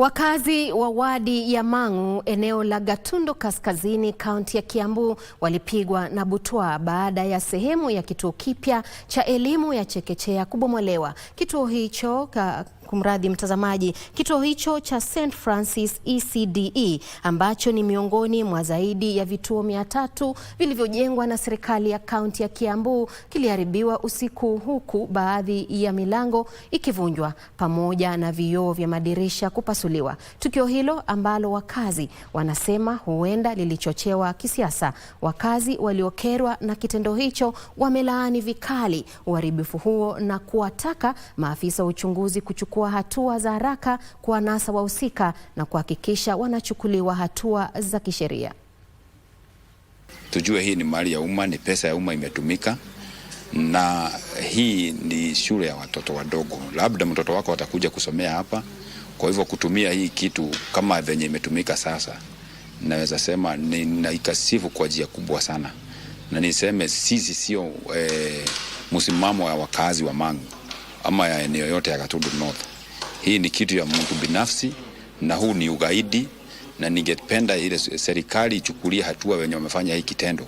Wakazi wa wadi ya Mang'u eneo la Gatundu Kaskazini kaunti ya Kiambu walipigwa na butwa baada ya sehemu ya kituo kipya cha elimu ya chekechea kubomolewa. Kituo hicho ka kumradhi mtazamaji, kituo hicho cha St Francis ECDE e, ambacho ni miongoni mwa zaidi ya vituo mia tatu vilivyojengwa na serikali ya kaunti ya Kiambu kiliharibiwa usiku, huku baadhi ya milango ikivunjwa pamoja na vioo vya madirisha kupasuliwa, tukio hilo ambalo wakazi wanasema huenda lilichochewa kisiasa. Wakazi waliokerwa na kitendo hicho wamelaani vikali uharibifu huo na kuwataka maafisa wa uchunguzi kuchukua kuchukua hatua za haraka kuwanasa wahusika na kuhakikisha wanachukuliwa hatua za kisheria. Tujue hii ni mali ya umma, ni pesa ya umma imetumika, na hii ni shule ya watoto wadogo. Labda mtoto wako atakuja kusomea hapa, kwa hivyo kutumia hii kitu kama venye imetumika sasa, naweza sema ninaikasifu kwa njia kubwa sana, na niseme sisi sio eh, msimamo wa wakazi wa Mang'u ama ya eneo yote ya Gatundu North. Hii ni kitu ya mtu binafsi na huu ni ugaidi, na ningependa ile serikali ichukulie hatua wenye wamefanya hii kitendo.